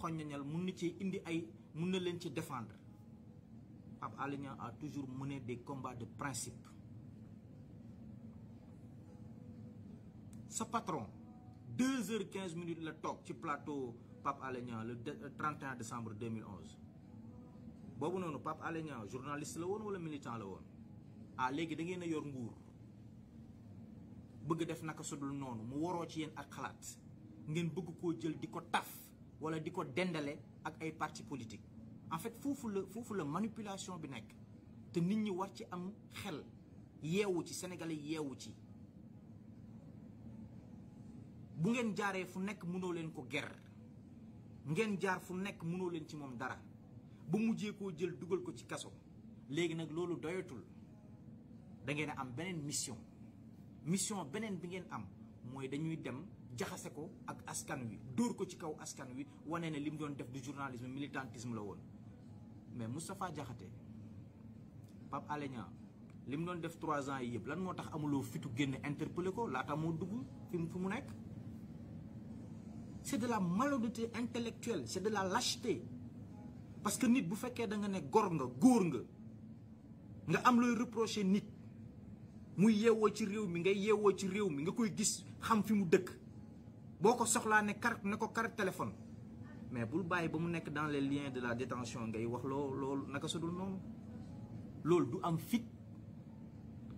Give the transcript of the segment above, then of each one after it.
xoññañal mun na ci indi ay mun na leen ci defendre Pape Alé Niang a toujours mené des combats de principe sa patron deux heures quinze minutes la toog ci plateau Pape Alé Niang le 31 euh, décembre 2011 boobu noonu Pape Alé Niang journaliste la woon wala militant la woon ah léegi da ngeen a yor nguur bëgg def naka sudul noonu mu waroo ci yéen ak xalaat ngeen bëgg koo jël di ko taf wala di ko dendale ak ay parti politique en fait foofu la foofu la manipulation bi nekk te nit ñi war ci am xel yeewu ci senegal yeewu ci bu ngeen jaaree fu nekk mënoo leen ko ger ngeen jaar fu nekk mënoo leen ci moom dara ba mujjee koo jël dugal ko ci kaso léegi nag loolu doyatul da ngeen a am beneen mission mission beneen bi ngeen am moy dañuy dem jaxase ko ak askan wi dóor ko ci kaw askan wi wane né lim doon def du journalisme militantisme la won mais Moustapha jaxaté pap Alé lim doon def 3 ans yi lan moo tax amuloo fitu génn interpeller ko laata moo dugg fi mu fi mu c'est de la malhonnêteté intellectuelle c'est de la lâcheté parce que nit bu féké da nga né gor nga gor nga nga am loy reprocher nit muy yeewoo ci rew mi ngay yeewoo ci rew mi nga koy gis xam fi mu dëkk boko soxla ne carte ne ko carte téléphone mais bul bàyyi ba mu nek dans les liens de la détention ngay wax loo naka sudul non loolu du am fit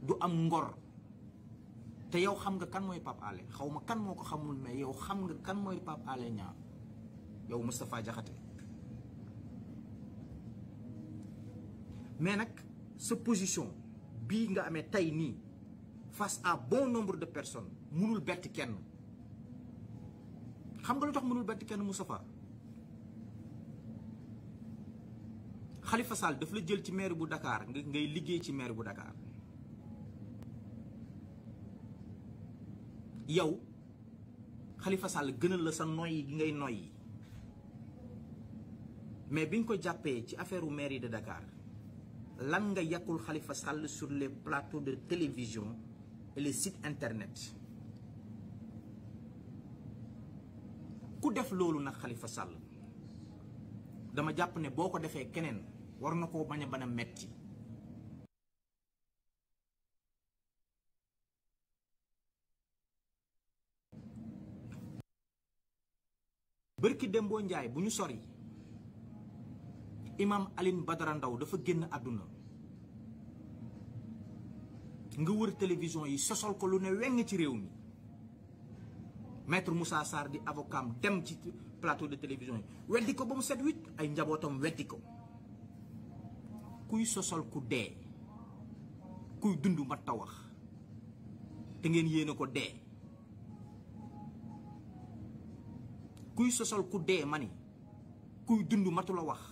du am ngor te yow xam nga kan moy Pape Alé xawma kan moko ko xamul mais yow xam nga kan moy Pape Alé Niang yow mustapha Diakhaté mais nak sa position bii nga amee tey nii fas à bon nombre de personnes mënul bett kenn xam nga lu tax mënul bett kenn Moustapha Khalifa Sall daf la jël ci maire bu dakaar nga ngay liggéey ci maire bu Dakar yow Khalifa Sall gënal la sa noyyi gi ngay noyyi mais biñ ko jàppee ci affaire u maire yi de dakaar lan nga Khalifa Sall sur les plateaux de télévision et les sites internet ku def loolu Khalifa Sall dama jàpp ne boo ko defee keneen war na metti Dembo Njaay imam Alioune Badara ndaw dafa génn àdduna nga wër télévision yi sosol ko lu ne weng ci réew mi maître Moussa Sarr di avocat dem ci plateau de télévision yi weddi ko ba mu set wit ay njabootam weddi ko kuy sosol ku dee kuy dund mat ta wax te ngeen yéene ko dee kuy sosol ku dee ma kuy dund matu la wax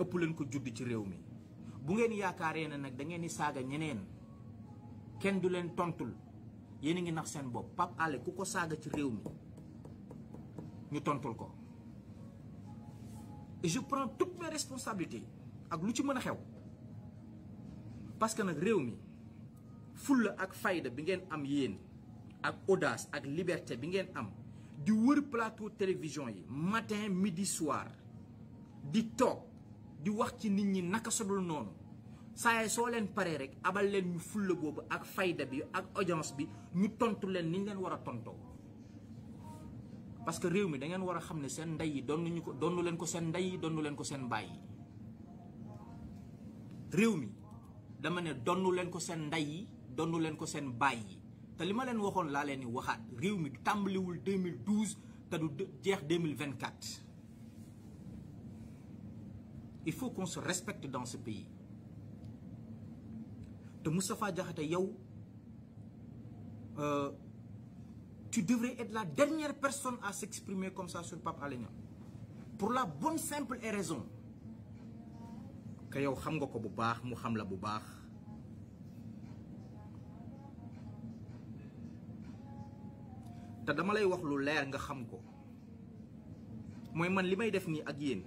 ëpp leen ko judd ci réew mi bu ngeen yaakaaree ne nag da ngeen ni saaga ñeneen kenn du leen tontul yéen ngi nax seen bopp pap Alé ku ko saaga ci réew mi ñu tontul ko et je prends toutes mes responsabilités ak lu ci mën a xew parce que nag réew mi ful ak fayda bi ngeen am yéen ak audace ak liberté bi ngeen am di wër plateau télévision yi matin midi soir di toog di wax ci nit ñi naka sudul noonu saay so leen paré rek abal leen ñu fulle bobu ak fayda bi ak audience bi ñu tontu leen ni ñu wara tonto parce que rew mi da ngeen wara xamne sen nday yi donnu ñu ko donu leen ko sen nday yi donu leen ko sen yi mi dama ne donu leen ko sen nday yi donu leen ko sen te lima leen ni waxat rew mi wul 2012 te du jeex 2024 il faut qu'on se respecte dans ce pays te Moustapha Diakhaté yow euh, tu devrais être la dernière personne à s'exprimer comme ça sur Pape Alé pour la bonne simple et raison que yow xam nga ko bu baax mu xam la bu baax te dama lay wax lu leer nga xam ko moy man limay def ni ak yeen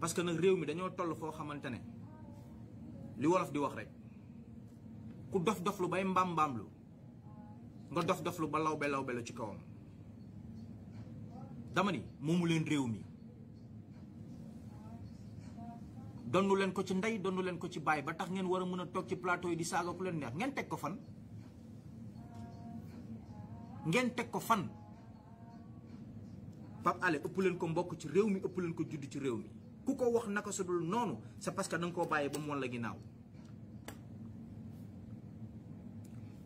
parce que nak rew mi dañoo toll fo xamantene li wolof di wax rek ku dof dof lu bay mbam mbam lu nga dof dof lu ba law ci kawam dama ni momu len rew mi donu len ko ci nday donu len ko ci bay ba tax ngeen wara meuna tok ci plateau yi di saga ku len neex ngeen tek ko fan ngeen tek ko fan ale ëpp ko mbokk ci rew mi ëpp ko judd ci rew mi ku ko wax naka sudul noonu sa parce que dang ko baye ba mu won la ginaaw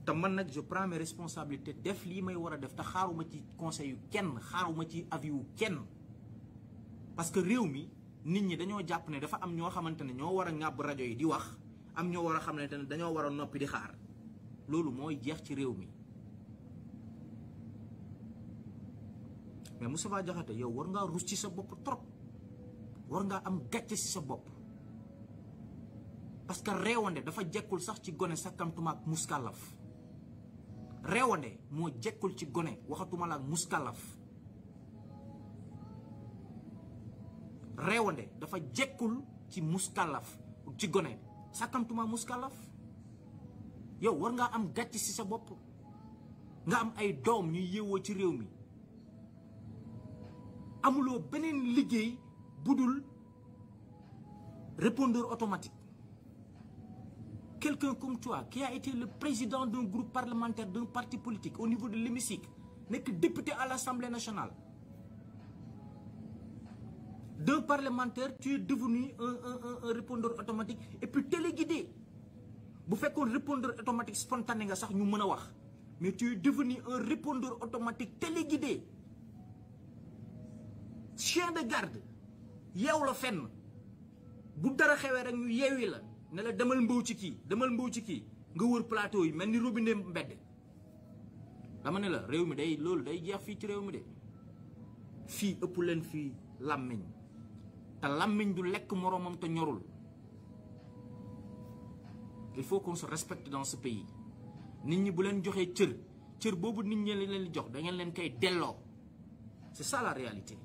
te man nak je prends mes responsabilités def li may wara def ta xaaruma ci conseil yu kenn xaaruma ci avis yu kenn parce que réew mi nit ñi dañoo japp ne dafa am ño xamantene ño wara ngab radio yi di wax am ño wara xamantene dañoo wara nopi di xaar lolu moy jeex ci rew mi mais Moussa Diakhaté yow war nga rus ci sa bop trop war ngaa am gàcce ci sa bopp parce que réewande dafa jekkul sax ci gone sakkamtumaak muskàllaf réewande moo jekkul ci gone waxatuma la ak muskàllaf dafa jekkul ci muskàllaf ci gone sakkamtumaa muskàllaf yow war ngaa am gàcc ci sa bopp nga am ay doom ñuy yéewoo ci réew mi amuloo beneen liggéey Boudoul, répondeur automatique quelqu'un comme toi qui a été le président d'un groupe parlementaire d'un parti politique au niveau de l'hémicycle n'est que député à l'Assemblée nationale d'un parlementaire tu es devenu un répondeur automatique et puis téléguidé faites qu'un répondeur automatique spontané ça nous ñu mais tu es devenu un répondeur automatique téléguidé chien de garde yew la fenn bu dara xewé rek ñu yewi la ne la demal mbow ci ki demal mbow ci ki nga wër plateau yi melni ni robinet mbedd dama ne la réew mi day lool day jeex fi ci réew mi de fi ëpp leen fi làmmiñ ta làmmiñ du lek moromam ta ñorul il faut qu'on se respecte dans ce pays nit ñi bu leen joxé cër cër bobu nit ñi leen jox da ngeen leen kay c'est ça la réalité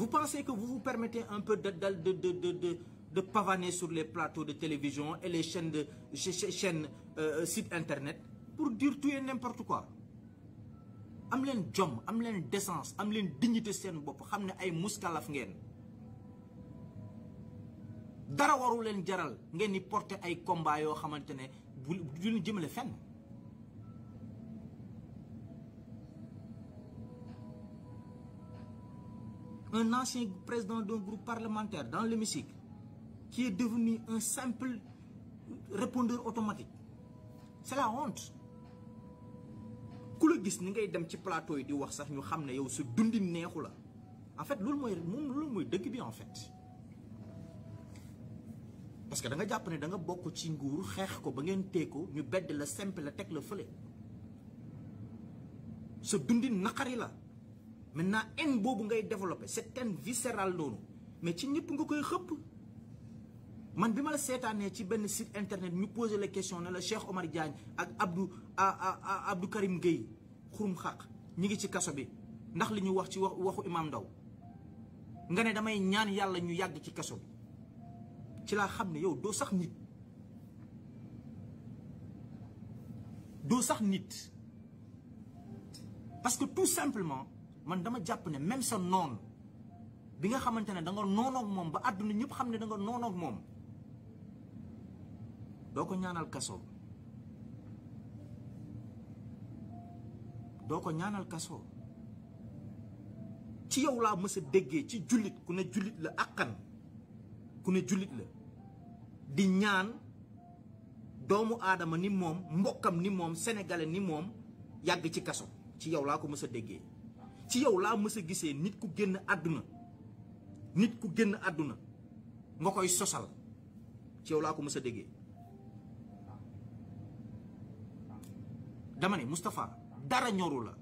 Vous pensez que vous vous permettez un peu de, pavaner sur les plateaux de télévision et les chaînes, de, chaînes euh, sites internet pour dire tout et n'importe quoi. am leen jom am décence am dignité sen bop, xam ne ay muskalaf ngeen dara waru jaral ngeen porter ay combat yo, xamante ne bu du le un ancien président d'un groupe parlementaire dans l'hémicycle qui est devenu un simple répondeur automatique. C'est la honte. ku la ni que plateau di wax sax ñu yow en fait c'est que vous en fait parce que da nga que da nga ci ko ba la simple maintenant haine bobu ngay développé cette haine viscérale mais ci ñëpp nga koy xëpp man cette la ci ben site internet ñu poser la question ne la Cheikh Omar Diagne ak Abdou Abdou Karim ñi ci bi ndax li ñu wax ci waxu Imam nga ne damay ñaan ñu ci ci yow sax nit sax parce que tout simplement man dama japp ne même sa non bi nga xamantene da nga ak mom ba aduna ñëpp xamne da nga non ak mom doko ñaanal kasso doko ñaanal kasso ci yow la mësa déggé ci julit ku ne julit la akkan ku ne julit la di ñaan doomu adama ni mom mbokam ni mom sénégalais ni mom yag ci kasso ci yow la ko mësa déggé ci yow laa mës a gisee nit ku génn àdduna nit ku génn àdduna nga koy sosal ci yow laa ko mës a déggee dama ne Moustapha dara ñoru la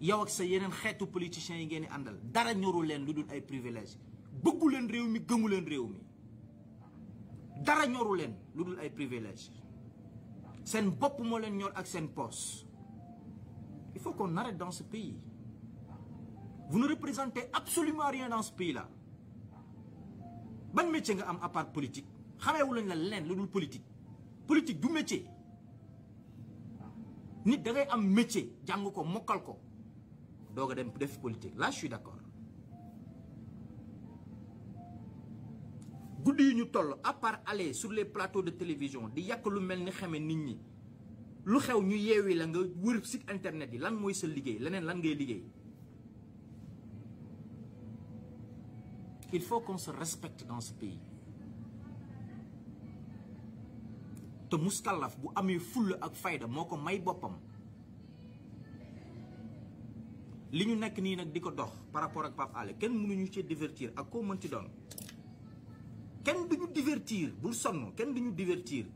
yow ak sa yeneen xeetu politiciens yi ngeen di àndal dara ñoru leen lu dul ay privilège bëggu leen réew mi gëmu leen réew mi dara ñoru leen lu dul ay privilège seen bopp moo leen ñor ak seen poos qu'on arrête dans ce pays. Vous ne représentez absolument rien dans ce pays-là. ban métier à part politique à lañ la le politique politique du métier nit da un métier d'un ko comme ko calco def politique là je suis d'accord Goudi nous à part aller sur les plateaux de télévision di ya que le ni nit lu xew ñu yeewee la nga wër site internet yi lan moy sa liggéey leneen lan ngay liggéey il faut qu'on se respecte dans ce pays te muskalaf bu amé fulla ak fayda moko may bopam li ñu nekk ni nak diko dox par rapport ak Pape Alé kenn mënuñu ci divertir ak ko mën mënti doon kenn duñu divertir bul sonno kenn duñu divertir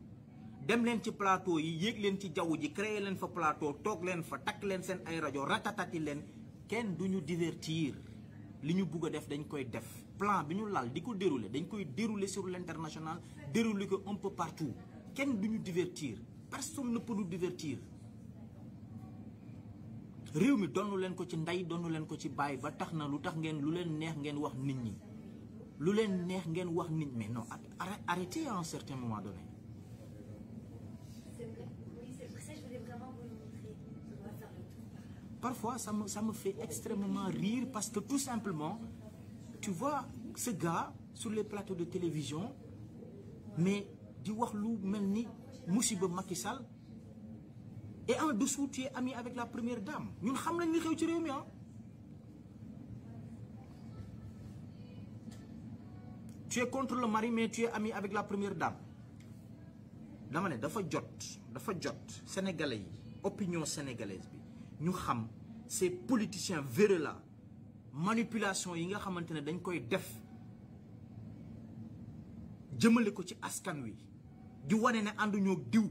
dem leen ci plateau yi yéeg leen ci jaww ji créer leen fa plateau toog leen fa takk leen seen ay rajo ratatati leen kenn du ñu divertir li ñu bugg a def dañ koy def plan bi ñu lal di ko dérouler dañ koy dérouler sur dëru dérouler ko un peu partout kenn du ñu divertir personne ne peut nous divertir réew mi donnu leen ko ci ndey donnu leen ko ci bàyyi ba tax na lu tax ngeen lu leen neex ngeen wax nit ñi lu leen neex ngeen wax nit mais non arrêtez à un certain moment donné parfois, ça me, fait extrêmement rire parce que tout simplement, tu vois ce gars sur les plateaux de télévision, mais di wax lu et en dessous tu es ami avec la première dame ñun xam nañ ah. tu es contre le mari mais tu es ami avec la première dame dama dafa jot dafa jot sénégalais opinion sénégalaise nous ñu ces politiciens véreux là manipulation yi nga xamantene dañ koy def jëmale ko ci askan wi di wane ne ñok diw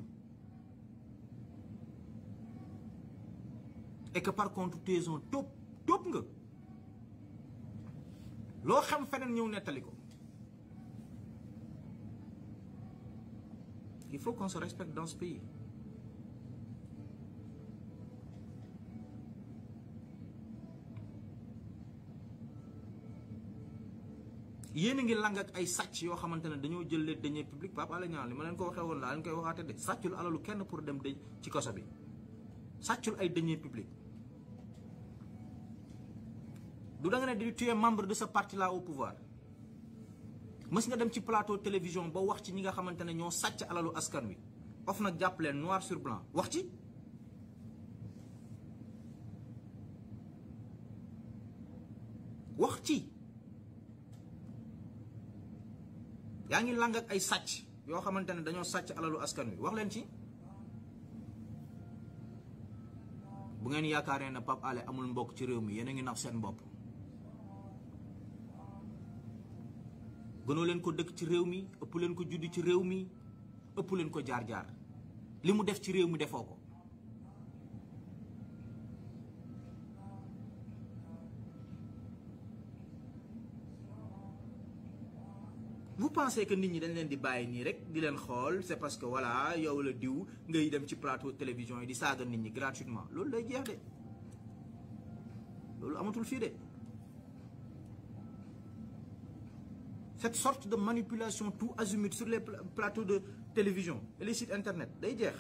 et que par contre taison top top, nga lo xam fenen ñëw netaliko il faut qu'on se respecte dans ce pays yéen a ngi lang ak ay sàcc yoo xamante ne dañoo jël les deniers publics Pape Alé Niang li ma leen ko waxee woon laa leen koy waxaate de sàccul alalu kenn pour dem de ci kaso bi sàccul ay deniers publics du da nga ne di tuer membre de ce parti là au mës nga dem ci plateau télévision ba wax ci ñi nga xamante ne ñoo sàcc alalu askan wi of nag jàpp leen noir sur blanc wax ci yaa ngi làng ak ay sàcc yoo xamante ne dañoo sàcc alalu askan wi wax leen ci bu ngeen yaakaaree na Pape Alé amul mbokk ci réew mi yéen a ngi nax seen bopp gënoo leen ko dëkk ci réew mi ëpp leen ko judd ci réew mi ëpp leen ko jaar-jaar li mu def ci réew mi defoo ko vous pensez que les ñi dañ leen di bàyyi nii rek di leen xool c'est parce que voilà yow le diw ngay dem ci plateau télévision yi di saaga nit ñi gratuitement loolu lay jeex de loolu amatul fii de cette sorte de manipulation tout azimut sur les plateaux de télévision et les sites internet day jeex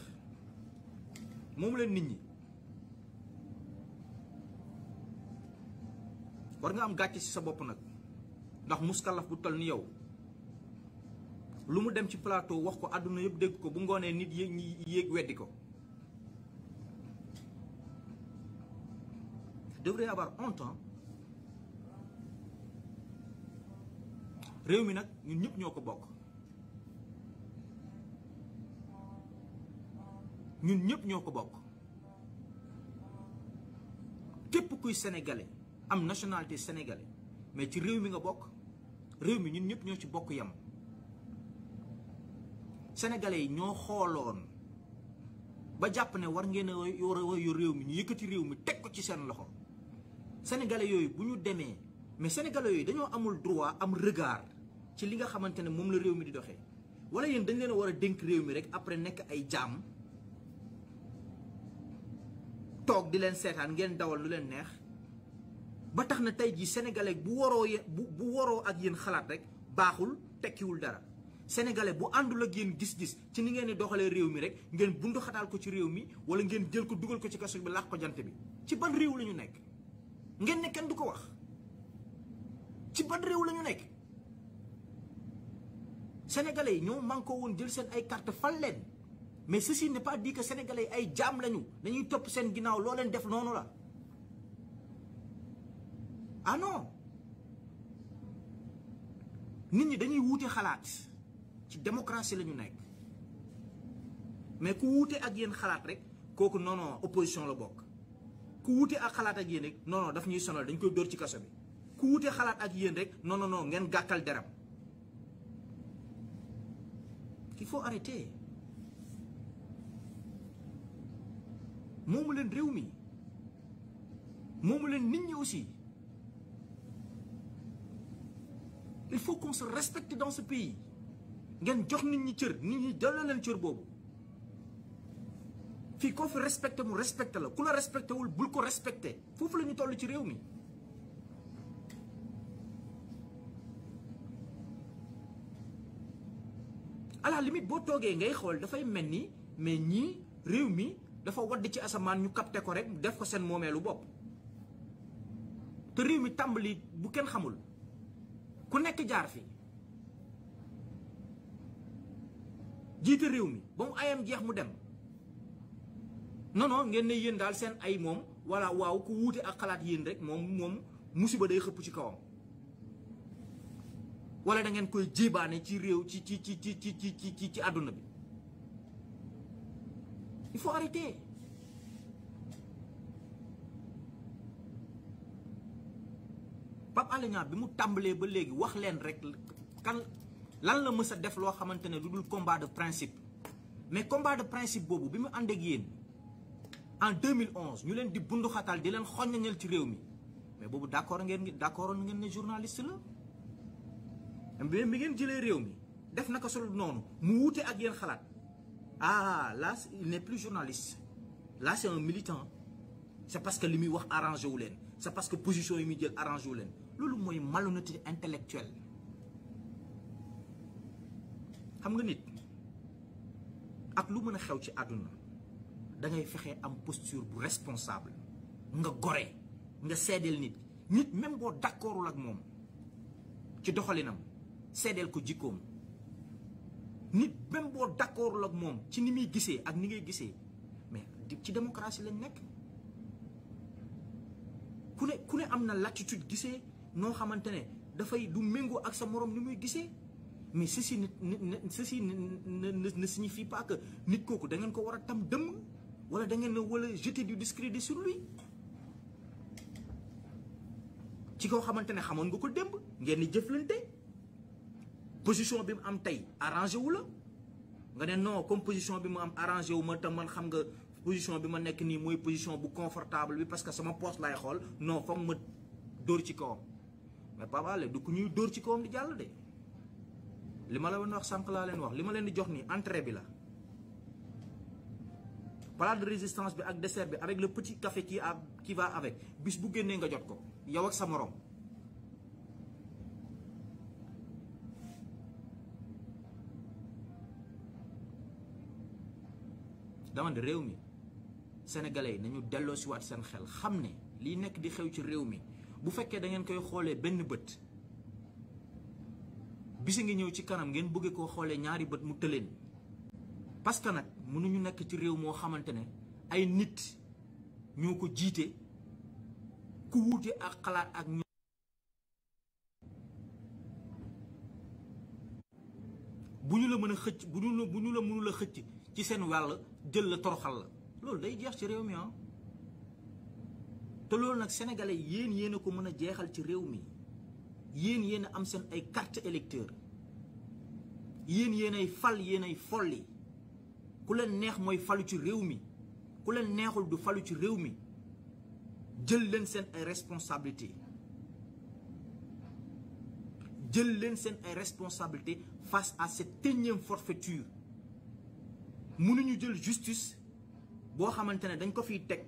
moom leen nit ñi war nga am gàcce ci sa bopp nag ndax muskalaf bu toll ni yow lu mu dem ci plateau wax ko aduna yëpp dégg ko bu ngone nit yéeg ñi yéeg weddi ko devrait avoir honte réew mi nag ñun ñëpp ñoo ko bokk ñun ñëpp ñoo ko bokk képp kuy sénégalais am nationalité sénégalais mais ci réew mi nga bokk réew mi ñun ñëpp ñoo ci bokk yam sénégalais yi ñoo xooloon ba jàpp ne war ngeen a war a yor réew mi ñu yëkkati réew mi teg ko ci seen loxo senegale yooyu bu ñu demee mais sénégalais yooyu dañoo amul droit am regard ci li nga xamante ne moom la réew mi di doxee wala yéen dañ leen war a dénk réew mi rek après nekk ay jàmm toog di leen seetaan ngeen dawal lu leen neex ba tax na tey jii sénégalais bu waroo bu bu waroo ak yéen xalaat rek baaxul tekkiwul dara. sénégalais bu àndul a yéen gis-gis ci ni ngeen di doxalee réew mi rek ngeen bundu xataal ko ci réew mi wala ngeen jël ko dugal ko ci kaso bi laax ko jant bi ci ban réew la ñu nekk ngeen ne kenn du ko wax ci ban réew la nekk sénégalais yi ñoo mànkoo woon jël seen ay carte fal leen mais ceci n'est pas dit que yi ay jaam lañu dañuy topp seen ginnaaw looleen def noonu la ah nit ñi dañuy wuute xalaat ci démocratie la nek mais ku wuute ak yeen xalaat rek koku non non opposition la bok ku wuute ak xalaat ak yeen rek non non daf ñuy sonal dañ koy dóor ci kasso bi ku wuute xalaat ak yeen rek non non non ngeen gakkal deram il faut arrêter moomu leen réew mi moomu leen nit ñi aussi il faut qu'on se respecte dans ce pays ngeen jox nit ñi cër nit ñi delloo leen cër boobu fii koo fi respecté mu respecté la ku la respecté wul bul ko respecté foofu la ñu toll ci réew mi. à la limite boo toogee ngay xool dafay mel ni mais ñii réew mi dafa wadd ci asamaan ñu capté ko rek def ko seen moomeelu bopp te réew mi tàmbali bu kenn xamul ku nekk jaar fi. jiite réew mi ba mu ayam jeex mu dem non non ngeen ne yéen daal seen ay moom walla waaw ku wuute ak xalaat yéen rek moom moom musiba day xëpp ci kawam walla dangeen ngeen koy jébaane ci réew ci ci ci ci ci ci ci ci àdduna bi il faut arrêter Pape Alé bi mu tàmbalee ba léegi wax leen rek kan lan la mës def lo xamantene dudul combat de principe mais combat de principe bobu bi ande ak yéen en 2011 ñu leen di xatal di leen xoññañal ci réew mi mais bobu d'accord ngeen d' ngeen ne journaliste la mais bi ngeen jëlee réew mi def naka solo nonu mu wuute ak yéen xalat ah là il n'est plus journaliste là c'est un militant C'est parce que li muy wax arrangé wu C'est parce que position yi mi jël arrangé wu leen loolu mooy malhonnêteté intellectuelle xam nga nit ak lu mën a xew ci àdduna dangay fexe am posture bu responsable nga gore nga seedeel nit nit même boo d'accordul ak moom ci doxalinam seedeel ko jikkoom nit même boo d'accordul moom ci ni muy gisee ak ni ngay gisee mais ci démocratie lañ nekk ku ne ku ne am na l'attitude gisee noo xamante ne dafay du méngoo ak sa moroom ni muy gisee mais ceci ne ceci ne ne signifie pas que nit koku da ngeen ko wara tam dem wala da ngeen wala jeter du discrédit sur lui ci ko xamantene xamone xamoon nga ko démb ngeen di jëflante position bi mu am tay arrangé wu la nga ne non comme position bi mu am arrangé wu ma te man xam nga position bi ma nek ni moy position bu confortable bi parce que sama poste lay xol non foog ma dor ci ko mais papa Alé du ku ñuy dóor ci kawam di jàll de. li ma la woon wax sànq laa leen wax li ma leen di jox ni entrée bi la plat de résistance bi ak dessert bi avec la petit café qui a qui va avec bis bu génnee nga jot ko yow ak sa morom dama ne réew mi sénégalais yi nañu delloo si waat seen xel xam ne liy nekk di xew ci réew mi bu fekkee da ngeen koy xoolee benn bët bisi ngi ñëw ci kanam ngeen bëgge koo xoole ñaari bët mu tëleen parce que nag mënuñu nekk ci réew moo xamante ne ay nit ñoo ko jiite ku wuute ak xalaat ak ñoom bu ñu la mën a xëcc bu ñu la bu a xëcc ci seen wàll jël la toroxal la loolu day jeex ci réew mi ah te loolu nag sénégalais yéen yéen a ko mën a jeexal ci réew mi Il y a am cartes ay carte électeur yéen des ay fal yéen ay folli ku len neex moy falu ci rewmi ku neexul du falu ci rewmi djel responsabilités ay responsabilité face à cette énième forfaiture ñu jël justice bo xamantene dañ ko fiy tek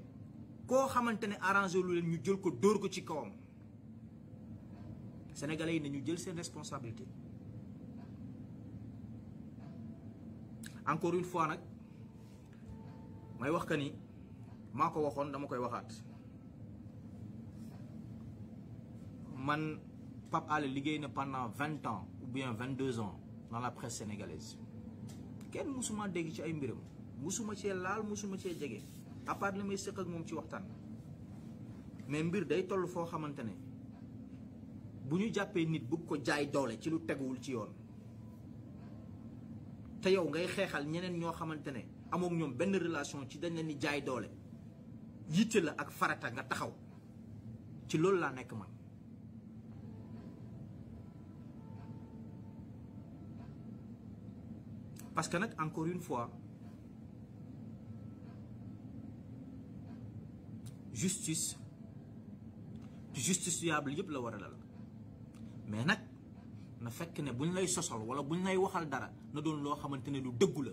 ko xamantene arrangé lu len ñu ko sénégalais nous avons jël responsabilités. responsabilité encore une fois je may wax dit man pendant 20 ans ou bien 22 ans dans la presse sénégalaise Quel musuma dégg ci ay mbiram musuma laal musuma été à part may ak de ci mais mbir buñu jappé nit bu ko jaay doole ci lu teguwul ci yoon te yow ngay xéxal ñeneen ño xamante ne amook ñoom relation ci dañ leen ni jaay doole yitte la ak farata nga taxaw ci loolu la nek man parce que encore une fois justice justice yable yëpp la war mais nag na fekk ne bu ñu lay sosal wala bu ñu lay waxal dara na doon loo xamante ne lu dëggu la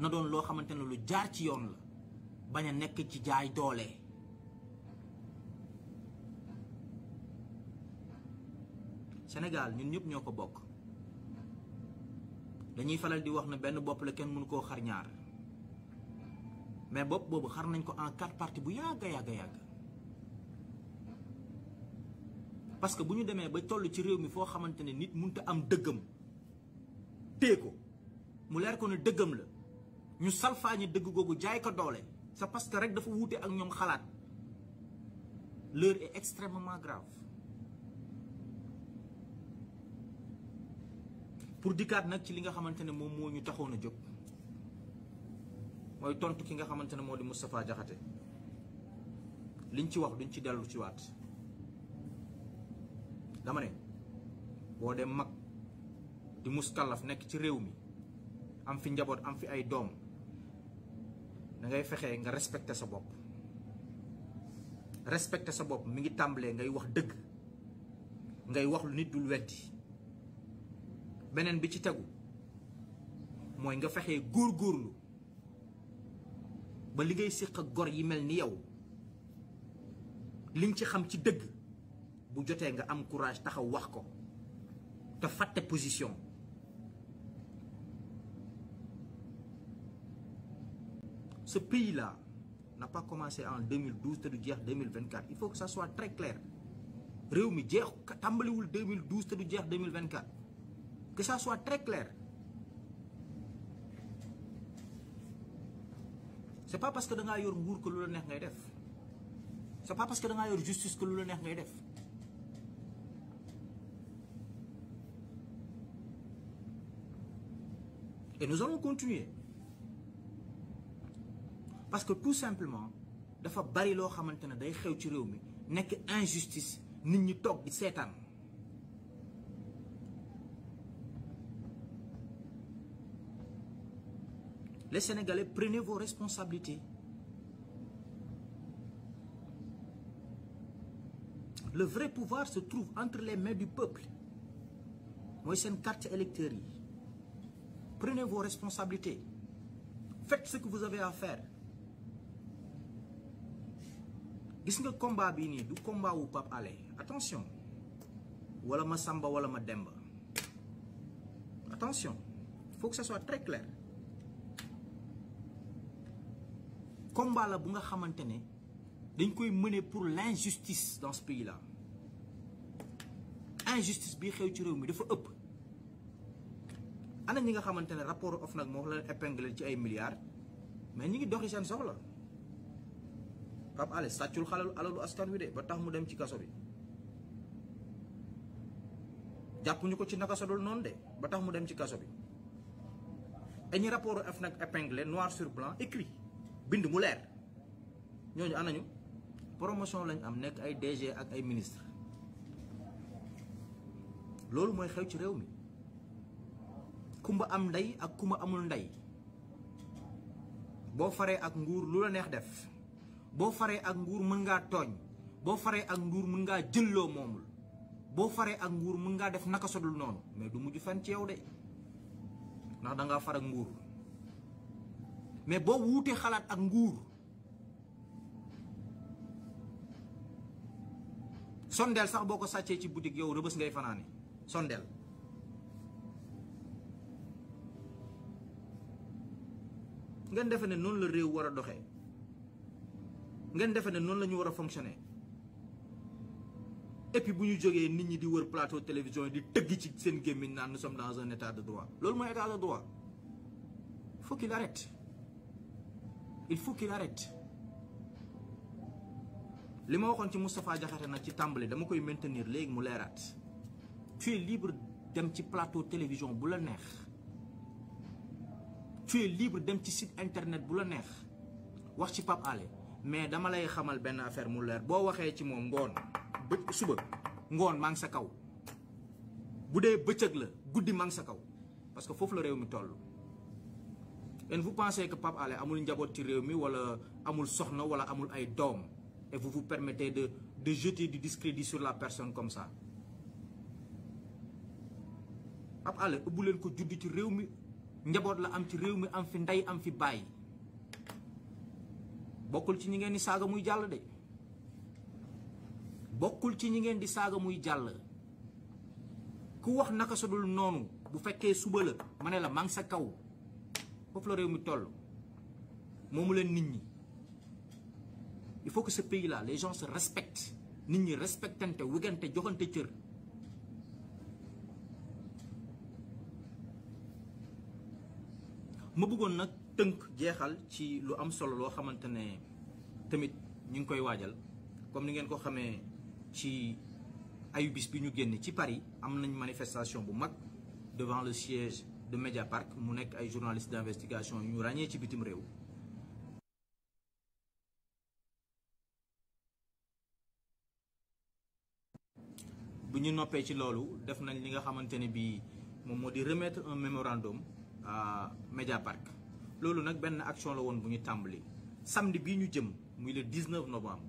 na doon loo xamante ne lu jaar ci yoon la bañ a nekk ci jaay doole. Sénégal ñun ñëpp ñoo ko bokk dañuy faral di wax na benn bopp la kenn mënu koo xar ñaar mais bopp boobu xar nañ ko en quatre parties bu yàgg a yàgg a yàgg. parce que bu ñu demee ba toll ci réew mi foo xamante ne nit mënut a am dëggam téye ko mu leer ko ne dëggam la ñu salfaañi dëgg googu jaay ko doole c'est parce que rek dafa wute ak ñoom xalaat l'heure est extrêmement grave pour dikkaat nag ci li nga xamante ne moom moo ñu taxoon a jóg mooy tontu ki nga xamante ne moo di Moustapha Diakhaté liñ ci wax duñ ci dellu ci waat dama ne boo dem mag di muskallaf nekk ci réew mi am fi njaboot am fi ay doom da ngay fexe nga respecté sa bopp respecté sa bopp mi ngi tàmbalee ngay wax dëgg ngay wax lu nit dul weddi beneen bi ci tegu mooy nga fexe góorgóorlu ba li ngay séq ak gor yi mel ni yow liñ ci xam ci dëgg bu jotee nga am courage taxaw wax ko te faté position ce pays là n'a pas commencé en 2012 te du jeex 2024 il faut que ça soit très clair réew mi jeex wul 2012 te du jeex 2024 que ça soit très clair c'est pas parce que da nga yor nguur ko lu neex ngay def c'est pas parce que da nga yor justice ko lu la neex ngay def Et nous allons continuer. parce que tout simplement dafa bari loo xamante ne day xew ci réew mi injustice nit ñi toog di seetaan les sénégalais prenez vos responsabilités le vrai pouvoir se trouve entre les mains du peuple Moi, c'est une carte électorale. Prenez vos responsabilités. Faites ce que vous avez à faire. que nga combat bii nii du combat wu Pape aller. attention wala ma Samba wala ma Demba attention faut que ce soit très clair combat la vous nga xamante il dañ pour l'injustice dans ce pays là injustice c'est ce que vous avez à faire. ana ñi nga xamante ne of OFNAC moo la épinglé ci ay milliards mais ñi ngi doxi seen soxla Pape ale satchul xalalu alalu askan wi de ba tax mu dem ci kasso bi jàppuñu ñuko ci naka sodul non de ba tax mu dem ci kasso bi ñi rapport nak noir sur blanc écrit bind mu leer ñooñu anañu promotion lañ am nek ay DG ak ay ministre lolu moy xew ci kumba am nday ak kuma amul nday bo faré ak nguur lula neex def bo faré ak nguur mën nga togn bo faré ak nguur mën nga jëllo momul bo faré ak nguur mën nga def naka sodul non mais du mujj fan ci yow de ndax da nga far ak nguur mais bo xalat ak nguur sondel sax boko ci boutique yow rebeus ngay sondel ngeen defe ne noonu la réew war a doxee ngeen defe ne noonu la ñu war a fonctionner et puis bu ñu jógee nit ñi di wër plateau télévision di tëgg ci seen gémmiñ naan nous sommes dans un état de droit loolu mooy état de droit il faut qu'il arrête il faut qu'il arrête li ma waxoon ci Moustapha Diakhaté nag ci tàmbali dama koy maintenir léegi mu leeraat tu es libre dem ci plateau télévision bu la neex tu es libre dem ci site internet bu la neex wax ci pap Alé mais dama lay xamal ben affaire mu leer bo waxe ci mom ngoon bë suba ngoon mang sa kaw bu dee la goudi mang sa kaw parce que fofu la rew mi toll. et vous pensez que pap Alé amul njabot ci rew mi wala amul soxna wala amul ay dom et vous vous permettez de de jeter du discrédit sur la personne comme ça Pape Alé ëbbu leen ko judd ci rew mi. njabot la am ci rew mi am fi nday am fi bay bokul ci ñi ngeen di saga muy jall de bokul ci ñi ngeen di saga muy jall ku wax naka sa dul noonu bu fekke suba la ma la sa kaw fof la rew mi toll momu len nit ñi il faut que ce pays là les gens se respectent nit ñi respectante wigante joxante cieur ma bëggoon nak teunk jéxal ci lu am solo lo xamante tamit ñu ngi koy wajjal comme ni ngeen ko xamé ci ayu bi ñu génné ci Paris am nañ manifestation bu mag devant le siège de Mediapart mu nek ay journalistes d'investigation ñu rañé ci bitim réew bu ñu noppee ci loolu def nañ li nga xamante bi mom modi remettre un memorandum Media Park loolu ben action la woon bu samedi jëm le 19 novembre.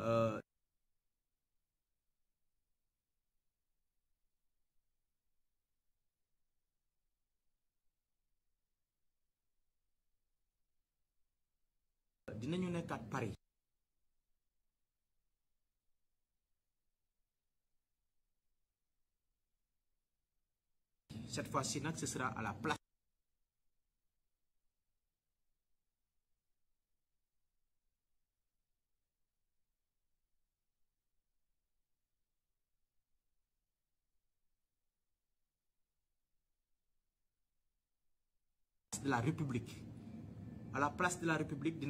Euh, dinañu nekkaat Paris. Cette fois-ci ce sera à la place. de la République à la place de la République